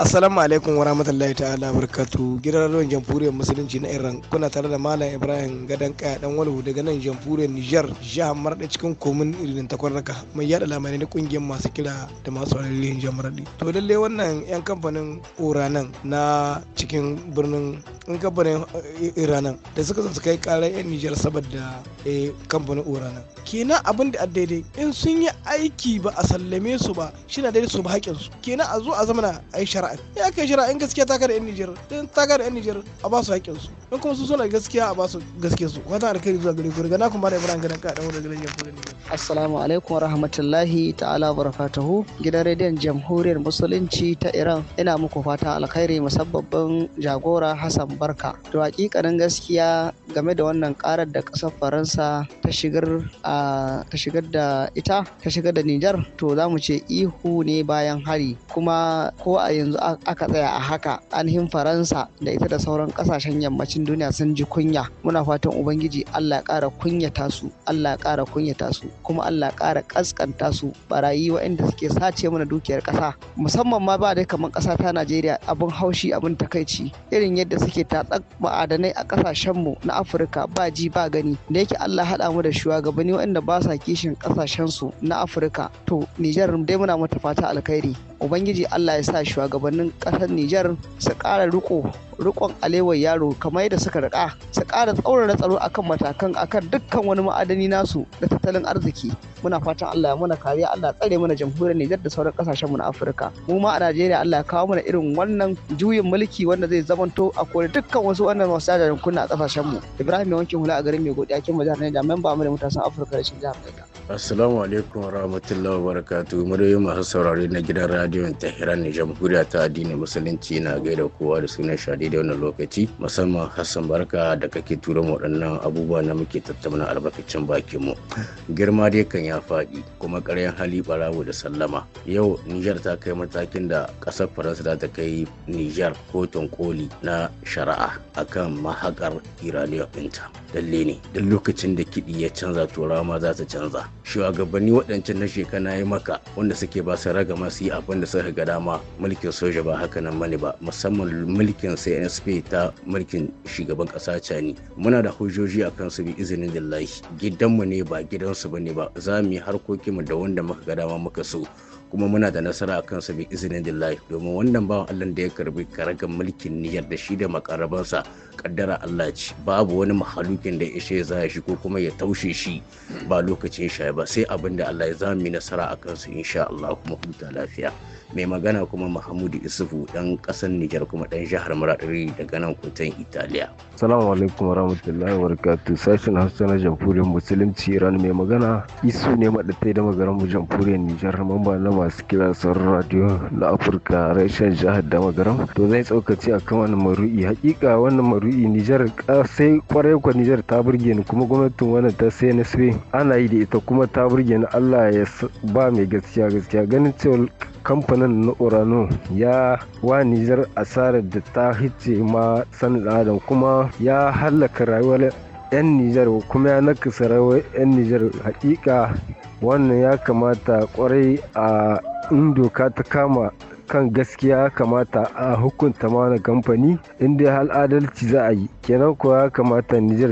Assalamu alaikum wa rahmatullahi ta'ala barkatu gidan ruwan jamhuriyar musulunci na Iran kuna tare da Malam Ibrahim Gadan Kaya dan Walhu daga nan jamhuriyar Niger jihar Marɗa cikin komin irin takwarraka mai yada lamarin na kungiyar masu kira da masu alilin jamhuriyar to lalle wannan yan kamfanin Uranan na cikin birnin yan kamfanin eh, Iranan da suka zanta kai karar yan Niger saboda eh, kamfanin Uranan kenan abin da daidai in sun yi aiki ba a sallame su ba shi na daidai su ba hakkin su kenan a zo a zamana a yi shari'a shari'a ya kai shari'a in gaskiya ta kada yan Nijar in ta kada yan Nijar a ba su haƙƙin su in kuma su suna gaskiya a ba su gaske su wata alkhairi zuwa gare ku na kuma da Ibrahim gadan ka da wani gidan jamhuriyar Nijar assalamu alaikum rahmatullahi ta'ala barakatuhu gidan rediyon jamhuriyar musulunci ta Iran ina muku fata alkhairi musabbabin jagora Hassan Barka to hakikanin gaskiya game da wannan karar da ƙasar Faransa ta shigar a ta shigar da ita ta shigar da Nijar to za mu ce ihu ne bayan hari kuma ko a yanzu aka tsaya a haka ainihin faransa da ita da sauran kasashen yammacin duniya sun ji kunya muna fatan ubangiji allah ya kara kunyata su allah ya kara kunyata su kuma allah ya ƙara kaskanta su barayi waɗanda suke sace mana dukiyar ƙasa musamman ma ba dai kamar ƙasa ta najeriya abin haushi abin takaici irin yadda suke tatsak ma'adanai a ƙasashenmu na afirka ba ji ba gani da yake allah haɗa mu da shugabanni waɗanda ba sa kishin ƙasashensu na afirka to nijar dai muna mata fata alkhairi ubangiji allah ya sa shugabannin ƙasar nijar su ƙara riko rikon alewar yaro kamar yadda suka rika su ƙara tsaurara tsaro akan matakan akan dukkan wani ma'adani nasu da tattalin arziki muna fatan Allah ya mana kariya Allah tsare mana jamhuriyar Nijar da sauran kasashen mu na Afirka mu ma a Najeriya Allah ya kawo mana irin wannan juyin mulki wanda zai zamanto a kore dukkan wasu wannan masu jajen kunna a kasashen mu Ibrahim ya wanke hula a garin Mai Godiya kin jihar Niger memba mu da mutasan Afirka da shi jihar Niger Assalamu alaikum warahmatullahi wabarakatuh muryoyi masu saurari na gidan radiyon Tehran ne jamhuriya ta addinin musulunci na gaida kowa da sunan shadi da wannan lokaci musamman Hassan Barka da kake tura waɗannan abubuwa na muke tattauna albarkacin bakin mu. Girma dai kan ya faɗi kuma ƙaryan hali barawo da sallama. Yau Niger ta kai matakin da ƙasar Faransa za ta kai Niger kotun koli na shari'a akan mahakar Iraniya ɗinta. Lalle ne duk lokacin da kiɗi ya canza turawa ma za ta canza. shugabanni waɗancan na shekana ya maka wanda suke ba su raga masu yi abin da suka ga dama mulkin soja ba haka nan mani ba musamman mulkin CNSP ta mulkin shugaban ƙasa cani muna da hujjoji a kan su bi izinin dillahi gidanmu ne ba gidansu ba ne ba za mu yi harkokinmu da wanda muka ga dama muka so kuma muna da nasara a kansa bi izinin da dillahi domin wannan bawan allah da ya karbi karagan mulkin niyyar da shi da makarabansa kaddara allah ce babu wani mahalukin da ya ishe za shi ko kuma ya taushe shi ba lokacin shaye ba sai abin da allah ya yi nasara a kansa insha allah kuma huta lafiya mai magana kuma mahamudu isufu dan kasar nijar kuma dan jihar maradari daga nan kutan italiya salamu alaikum warahmatullahi wabarakatuh sashen hausa na jamhuriyar musulunci iran mai magana isu ne madatai da magaran mu jamhuriyar nijar mamba na masu kira radio na afirka reshen jihar da magaran to zai tsaukaci a kan wani maru'i hakika wannan maru'i nijar sai kwarai kwa nijar ta burge ni kuma gwamnatin wannan ta sai na ana yi da ita kuma ta burge ni allah ya ba mai gaskiya gaskiya ganin cewa kamfanin na urano ya wa nijar asarar da ta hice ma sanin adam kuma ya hallaka rayuwar 'yan nijar kuma ya nakasa rayuwar 'yan nijar hakika wannan ya kamata kwarai a in doka ta kama kan gaskiya kamata a hukunta mana kamfani inda hal adalci za a yi kenan kuwa ya kamata nijar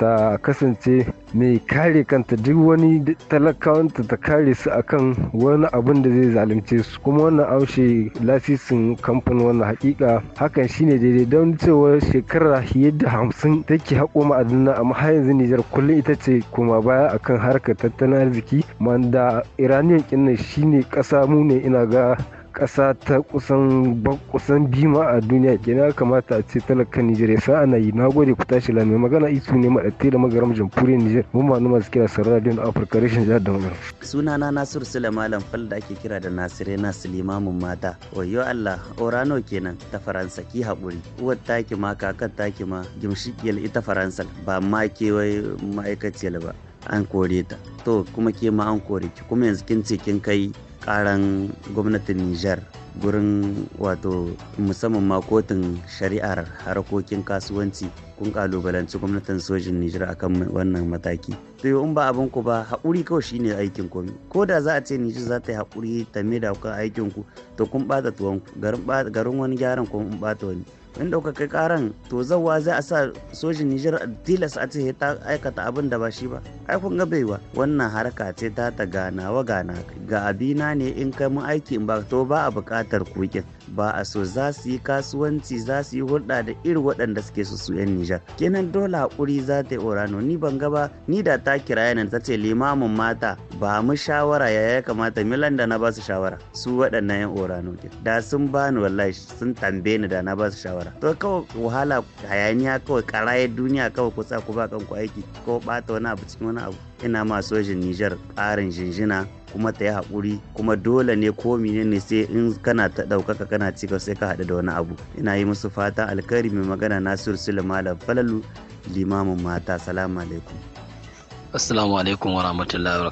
ta kasance mai kare kanta duk wani talakawanta ta kare su akan wani abin da zai zalunce su kuma wannan aushe lasisin kamfanin wannan hakika hakan shine daidai don cewa shekara yadda da hamsin take haƙo ma'adana amma har yanzu nijar kullum ita ce kuma baya akan harkar tattalin arziki manda iraniyan kinnan shine ƙasa mu ne ina ga kasa ta kusan kusan dima a duniya kenan kamata a ce talaka Nijar ya sa ana yi na gode ku tashi lamai magana isu ne madatte da magaram jamhuriyar Nijar mun ma numa suke sa radio Africa rashin jihar da sunana Nasiru Sule Malam Fal da ake kira da Nasirena Sulaimanun mata wayo Allah orano kenan ta Faransa ki haƙuri uwar taki ma kakar taki ma gimshikiyar ita Faransa ba ma wai ma'aikaciyar ba an kore ta to kuma ke ma an kore ki kuma yanzu kin ce kin kai karan gwamnatin Nijar gurin wato musamman ma kotun shari'ar harkokin kasuwanci kun kalubalanci gwamnatin sojin Nijar akan wannan mataki. To in ba abin ku ba haƙuri kawai shine aikin ku. Ko da za a ce Nijar za ta yi haƙuri ta da ku aikin ku to kun ɓata tuwon garin wani gyaran in ɓata wani. in daukakai karan to zawa za a sa sojin Nijar tilas a ce ta aikata abin da ba shi ba ai kun ga baiwa wannan harka ce ta ta ganawa gana ga abina ne in kai mun aiki in ba to ba a bukatar kukin ba a so za su yi kasuwanci za su yi hulɗa da iri waɗanda suke su su 'yan Nijar. Kenan dole hakuri za ta yi orano ni ban gaba ni da ta kira yana ta ce limamin mata ba mu shawara ya ya kamata milan da na ba su shawara su waɗannan 'yan orano ke. Da sun bani wallahi sun tambaye ni da na ba su shawara. To kawai wahala hayaniya kawai karayar duniya kawai kusa ku ba kanku aiki ko ɓata wani abu cikin wani abu. ina ma sojin Nijar ƙarin jinjina kuma ta yi haƙuri kuma dole ne ko ne sai in kana ta ɗaukaka kana cika sai ka haɗu da wani abu ina yi musu fata alkari mai magana nasiru sule malam falalu limamin mata salamu alaikum Assalamu alaikum wa rahmatullahi wa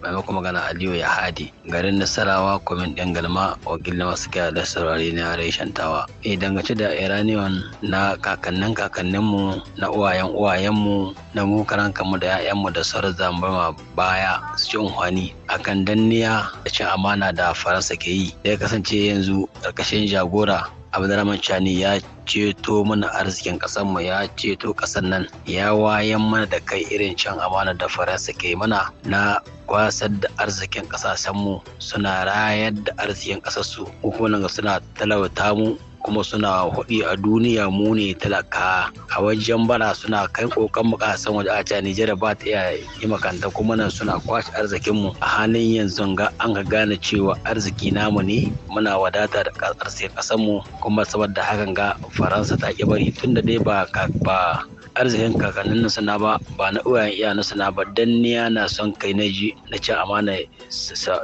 barakatuhu. magana Aliyu ya hadi garin Nasarawa kwamin ɗin galma wakilin masu kya da saurari na reshen tawa. E dangace da Iranian na kakannin kakanninmu na uwayen uwayenmu na mu karan kamu da 'ya'yanmu da sauran ma baya su ci unhwani akan danniya da cin amana da Faransa ke yi. Da ya kasance yanzu Karkashin jagora abdurrahman chani ya ceto mana arzikin ƙasar mu ya ceto ƙasar nan ya wayan mana da kai irin can amana da faransa ke mana na kwasar da arzikin ƙasashen mu suna rayar da arzikin ƙasar su hukumar suna talauta mu kuma suna hudi a duniya mu ne talaka a wajen bara suna kai kokan mu waje a ta Nijar ba ta iya yi makanta kuma nan suna kwashe arzikin mu a halin yanzu ga an ga gane cewa arziki namu ne muna wadata da kasar sai kasan mu kuma saboda hakan ga Faransa ta ki bari tunda dai ba ba arzikin kakannin suna ba ba na uwayen iya na suna ba dan ni na son kai na ji na ci amana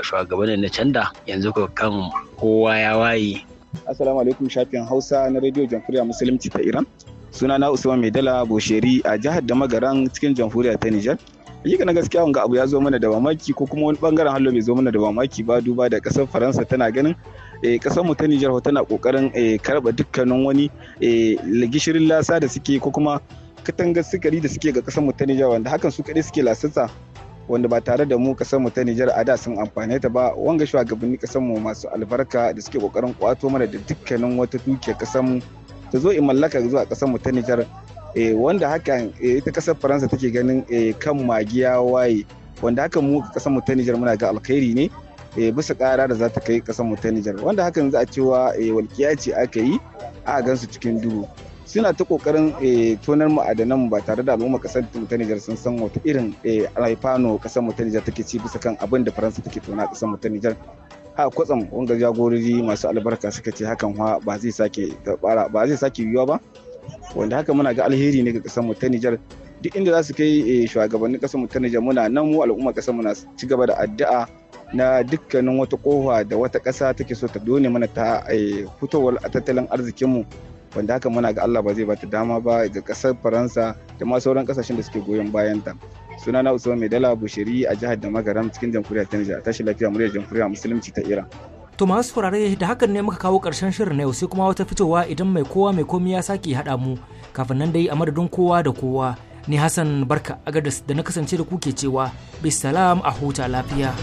shugabannin na canda yanzu ko kan kowa ya waye Assalamu alaikum shafin Hausa na Radio Jamhuriyar Musulunci ta Iran. Suna na Usman Maidala Bosheri a jihar da magaran cikin Jamhuriyar ta Nijar. Hakika na gaskiya wanga abu ya zo mana da mamaki ko kuma wani bangaren hallo bai zo mana da mamaki ba duba da kasar Faransa tana ganin eh, kasar mu ta Nijar tana kokarin eh, karba dukkanin wani eh, gishirin lasa da suke ko kuma katangar sukari da suke ga kasar mu ta Nijar wanda hakan su kadai suke lasasa wanda ba tare da mu kasar mu ta Nijar a da sun amfane ta ba wanga shugabanni kasar mu masu albarka da suke kokarin kwato mana da dukkanin wata dukiyar kasar mu ta zo in mallaka zuwa kasar mu ta Nijar eh, wanda hakan eh, ita kasar Faransa take ganin eh, kan magiya waye wanda hakan mu kasar mu ta Nijar muna ga alkhairi ne eh, bisa ƙara da za ta kai kasar mu ta Nijar wanda hakan za a cewa walƙiya ce aka yi a gansu cikin duhu suna ta kokarin eh, tonar ma'adanan ba tare da al'umma kasar ta Nijar sun san wata irin eh, alhaifano kasar mu ta Nijar take ci bisa kan abin da Faransa take tona kasar mu ta Nijar a kwatsam wanga jagorori masu albarka suka ce hakan ha ba zai sake ba zai sake yiwuwa ba wanda haka muna ga alheri ne ga kasar mu ta Nijar duk inda za su kai eh, shugabannin kasar mu ta Nijar muna nan mu al'umma kasar mu na ci gaba da addu'a na dukkanin wata kofa da wata ƙasa take so ta done mana ta fitowar tattalin arzikinmu. wanda haka muna ga Allah ba zai bata dama ba ga kasar Faransa da ma sauran kasashen da suke goyon bayan ta. Suna na Usman dala Bushiri a jihar da Magaram cikin jamhuriyar Tanzania tashi lafiya muryar jamhuriyar musulunci ta Iran. To masu furare da hakan ne muka kawo ƙarshen shirin na yau sai kuma wata fitowa idan mai kowa mai komi ya sake haɗa mu kafin nan dai a madadin kowa da kowa ni Hassan Barka Agadas da na kasance da ku ke cewa bisalam a huta lafiya.